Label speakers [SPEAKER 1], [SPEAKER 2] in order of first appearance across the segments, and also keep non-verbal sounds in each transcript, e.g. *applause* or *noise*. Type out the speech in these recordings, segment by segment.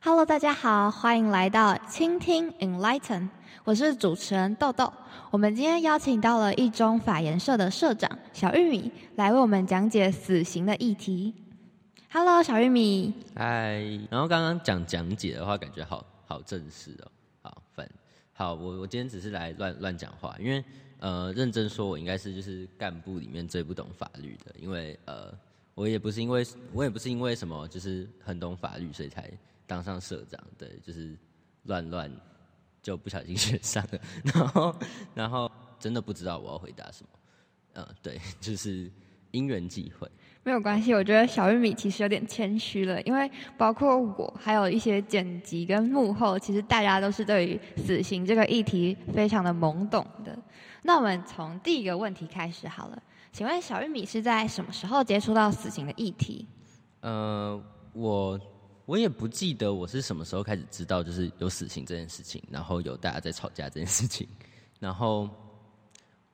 [SPEAKER 1] Hello，大家好，歡迎來到傾聽 Enlighten，我是主持人豆豆。我們今天邀請到了一中法研社的社長小玉米來為我們講解死刑的議題。Hello，小玉米。
[SPEAKER 2] 嗨，然後剛剛講講解的話，感覺好好正式哦。好，反好，我我今天只是來亂亂講話，因為呃，認真說，我應該是就是幹部裡面最不懂法律的，因為呃，我也不是因為我也不是因為什麼就是很懂法律，所以才。當上社長，對，就是亂亂，就不小心選上了，然後然後真的不知道我要回答什麼，嗯，對，就是因緣際會。
[SPEAKER 1] 沒有關係，我覺得小玉米其實有點謙虛了，因為包括我，還有一些剪輯跟幕後，其實大家都是對於死刑這個議題非常的懵懂的。那我們從第一個問題開始好了，請問小玉米是在什麼時候接觸到死刑的議題？
[SPEAKER 2] 呃，我。我也不記得我是什麼時候開始知道就是有死刑這件事情，然後有大家在吵架這件事情，然後，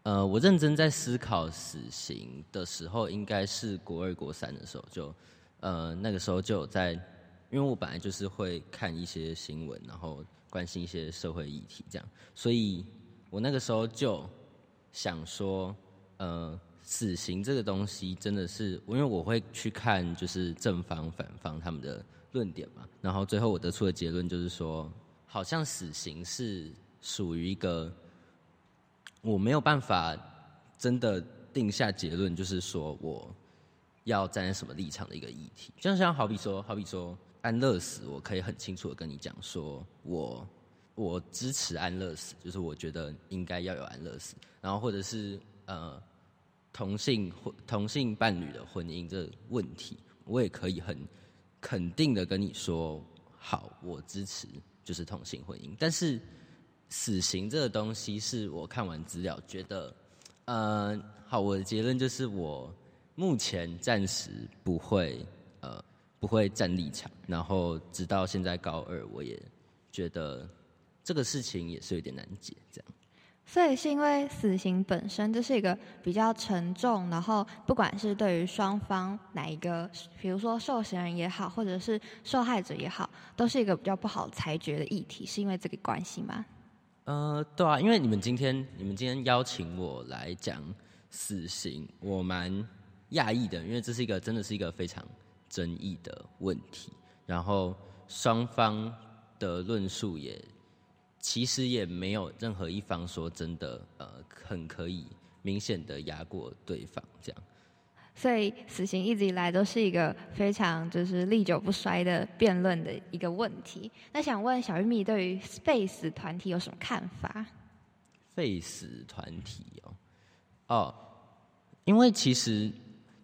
[SPEAKER 2] 呃，我認真在思考死刑的時候，應該是國二、國三的時候，就，呃，那個時候就有在，因為我本來就是會看一些新聞，然後關心一些社會議題這樣，所以我那個時候就想說，呃，死刑這個東西真的是，因為我會去看就是正方、反方他們的。論點嘛，然後最後我得出的結論就是說，好像死刑是屬於一個我沒有辦法真的定下結論，就是說我要站在什麼立場的一個議題。就像，像好比說，好比說安樂死，我可以很清楚的跟你講說，我我支持安樂死，就是我覺得應該要有安樂死。然後或者是呃同性同性伴侶的婚姻這問題，我也可以很。肯定的跟你說，好，我支持就是同性婚姻。但是死刑這個東西，是我看完資料覺得，呃，好，我的結論就是我目前暫時不會，呃，不會站立場。然後直到現在高二，我也覺得這個事情也是有點難解，這樣。
[SPEAKER 1] 所以是因為死刑本身就是一個比較沉重，然後不管是對於雙方哪一個，比如說受刑人也好，或者是受害者也好，都是一個比較不好裁決的議題，是因為這個關係嗎？
[SPEAKER 2] 呃，對啊，因為你們今天你們今天邀請我來講死刑，我蠻訝異的，因為這是一個真的是一個非常爭議的問題，然後雙方的論述也。其實也沒有任何一方說真的，呃，很可以明顯的壓過對方這樣。
[SPEAKER 1] 所以死刑一直以來都是一個非常就是歷久不衰的辯論的一個問題。那想問小玉米對於廢死團體有什麼看法？
[SPEAKER 2] 廢死團體哦，哦，因為其實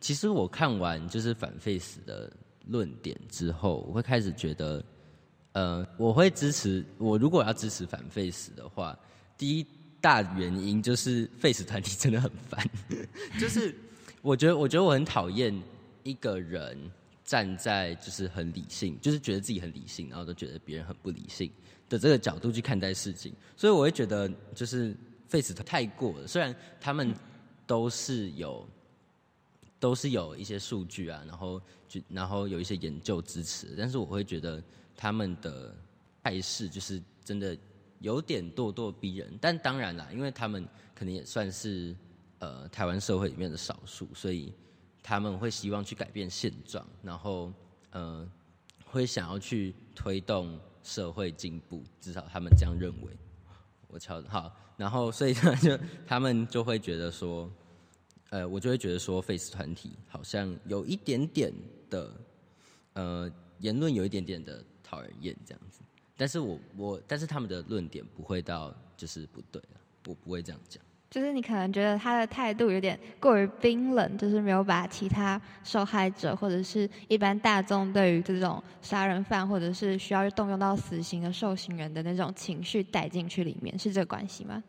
[SPEAKER 2] 其實我看完就是反廢死的論點之後，我會開始覺得。呃，我會支持。我如果要支持反廢死的話，第一大原因就是廢死團體真的很煩。 *laughs* 就是我覺得，我覺得我很討厭一個人站在就是很理性，就是覺得自己很理性，然後都覺得別人很不理性的這個角度去看待事情。所以我會覺得，就是廢死太過了，雖然他們都是有。都是有一些數據啊，然後就然後有一些研究支持，但是我會覺得他們的態勢就是真的有點咄咄逼人。但當然啦，因為他們可能也算是呃台灣社會裡面的少數，所以他們會希望去改變現狀，然後呃會想要去推動社會進步，至少他們這樣認為。我瞧，好，然後所以就他們就會覺得說。呃，我就會覺得說，face 團體好像有一點點的，呃，言論有一點點的討人厭這樣子。但是我我，但是他們的論點不會到就是不對啊，我不會這樣講。
[SPEAKER 1] 就是你可能覺得他的態度有點過於冰冷，就是沒有把其他受害者或者是一般大眾對於這種殺人犯或者是需要動用到死刑的受刑人的那種情緒帶進去裡面，是這個關係嗎？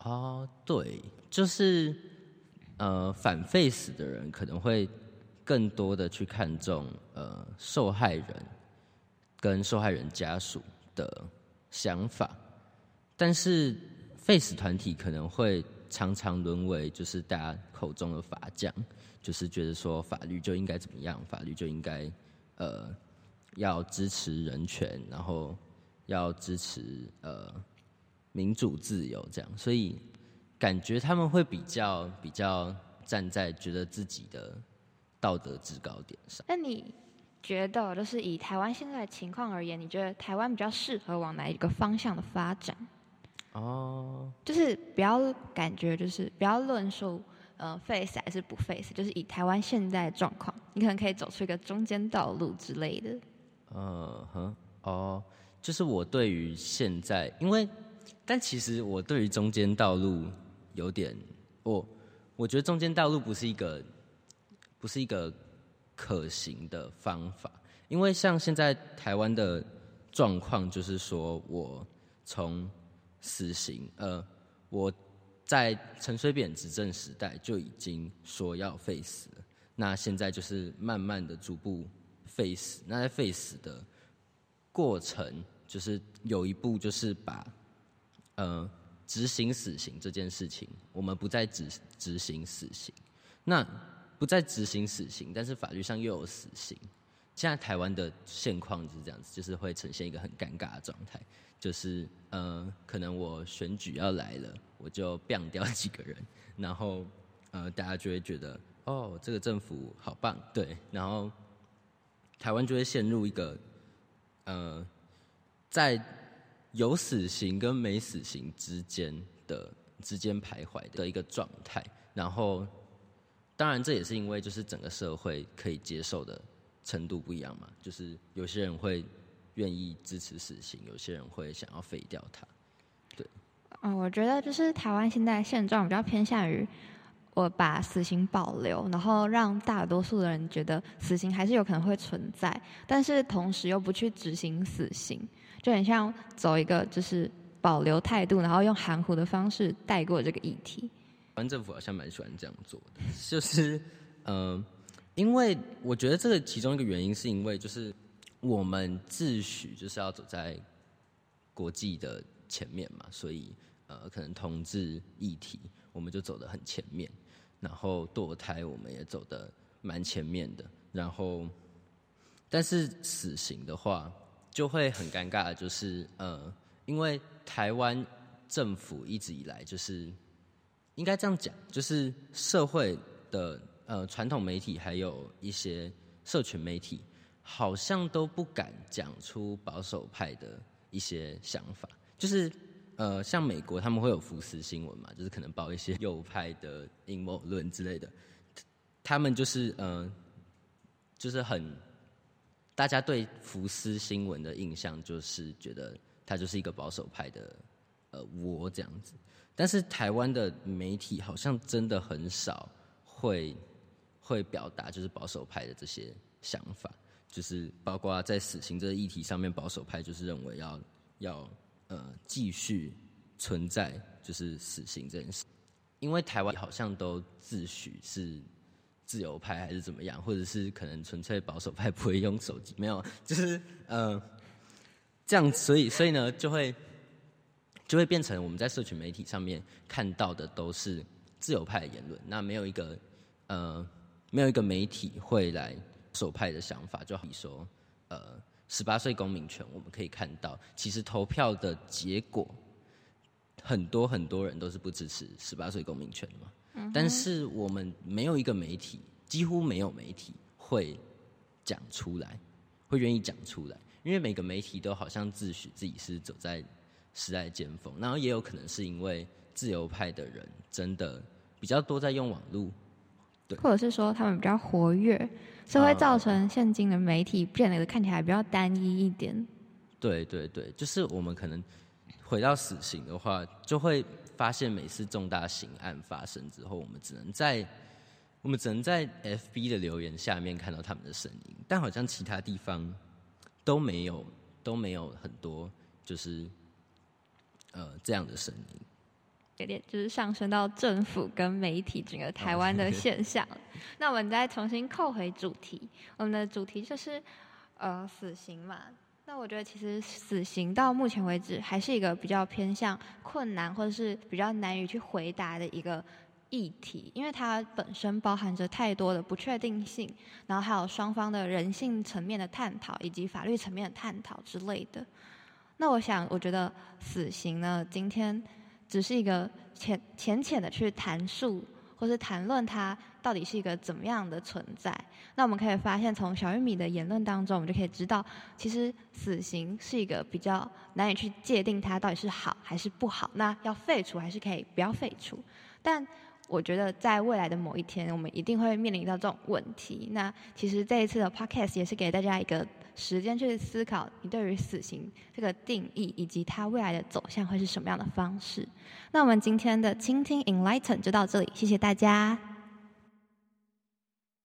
[SPEAKER 2] 哦，對，就是。呃，反廢死的人可能會更多的去看重呃受害人跟受害人家屬的想法，但是廢死團體可能會常常淪為就是大家口中的法匠，就是覺得說法律就應該怎麼樣，法律就應該呃要支持人權，然後要支持呃民主自由這樣，所以。感覺他們會比較比較站在覺得自己的道德制高點上。
[SPEAKER 1] 那你覺得，就是以台灣現在的情況而言，你覺得台灣比較適合往哪一個方向的發展？
[SPEAKER 2] 哦、oh，
[SPEAKER 1] 就是不要感覺就是不要論述呃 face 還是不 face，就是以台灣現在的狀況，你可能可以走出一個中間道路之類的。
[SPEAKER 2] 嗯哼，哦，就是我對於現在，因為但其實我對於中間道路。有點，我我覺得中間道路不是一個，不是一個可行的方法，因為像現在台灣的狀況，就是說我從死刑，呃，我在陳水扁執政時代就已經說要廢死，那現在就是慢慢的逐步廢死，那在廢死的過程，就是有一步就是把，呃。執行死刑這件事情，我們不再執執行死刑。那不再執行死刑，但是法律上又有死刑。現在台灣的現況就是這樣子，就是會呈現一個很尷尬的狀態。就是呃，可能我選舉要來了，我就斃掉幾個人，然後呃，大家就會覺得哦，這個政府好棒，對，然後台灣就會陷入一個呃，在。有死刑跟沒死刑之間的之間徘徊的一個狀態，然後，當然這也是因為就是整個社會可以接受的程度不一樣嘛，就是有些人會願意支持死刑，有些人會想要廢掉它。對，
[SPEAKER 1] 嗯，呃，我覺得就是台灣現在現狀比較偏向於。我把死刑保留，然後讓大多數的人覺得死刑還是有可能會存在，但是同時又不去執行死刑，就很像走一個就是保留態度，然後用含糊的方式帶過這個議題。
[SPEAKER 2] 台灣政府好像蠻喜歡這樣做的，就是嗯、呃，因為我覺得這個其中一個原因是因為就是我們自詡就是要走在國際的前面嘛，所以。呃，可能同志議題，我們就走得很前面；然後墮胎，我們也走得蠻前面的。然後，但是死刑的話，就會很尷尬，就是呃，因為台灣政府一直以來就是，應該這樣講，就是社會的呃傳統媒體還有一些社群媒體，好像都不敢講出保守派的一些想法，就是。呃，像美國他們會有福斯新聞嘛，就是可能報一些右派的陰謀論之類的，他們就是呃，就是很，大家對福斯新聞的印象就是覺得它就是一個保守派的，呃，我這樣子。但是台灣的媒體好像真的很少會會表達，就是保守派的這些想法，就是包括在死刑這個議題上面，保守派就是認為要要。呃，繼續存在就是死刑這件事，因為台灣好像都自詡是自由派還是怎麼樣，或者是可能純粹保守派不會用手機，沒有，就是呃，這樣，所以所以呢，就會就會變成我們在社群媒體上面看到的都是自由派的言論，那沒有一個呃，沒有一個媒體會來保守派的想法，就好比說呃。十八歲公民權，我們可以看到，其實投票的結果，很多很多人都是不支持十八歲公民權的嘛、嗯。但是我們沒有一個媒體，幾乎沒有媒體會講出來，會願意講出來，因為每個媒體都好像自詡自己是走在時代尖峰，然後也有可能是因為自由派的人真的比較多在用網路。
[SPEAKER 1] 或者是說他們比較活躍，所以會造成現今的媒體變得看起來比較單一一點。
[SPEAKER 2] 對對對，就是我們可能回到死刑的話，就會發現每次重大刑案發生之後，我們只能在我們只能在 FB 的留言下面看到他們的聲音，但好像其他地方都沒有都沒有很多，就是呃這樣的聲音。
[SPEAKER 1] 就是上升到政府跟媒體整個台灣的現象。那我們再重新扣回主題，我們的主題就是呃死刑嘛。那我覺得其實死刑到目前為止還是一個比較偏向困難或者是比較難以去回答的一個議題，因為它本身包含着太多的不確定性，然後還有雙方的人性層面的探討以及法律層面的探討之類的。那我想，我覺得死刑呢，今天。只是一個淺淺淺的去談述，或是談論它到底是一個怎麼樣的存在。那我們可以發現，從小玉米的言論當中，我們就可以知道，其實死刑是一個比較難以去界定它到底是好還是不好。那要廢除還是可以不要廢除？但我覺得，在未來的某一天，我們一定會面臨到這種問題。那其實這一次的 podcast 也是給大家一個。時間去思考你對於死刑這個定義，以及它未來的走向會是什麼樣的方式。那我們今天的傾聽 Enlighten 就到這裡，謝謝大家。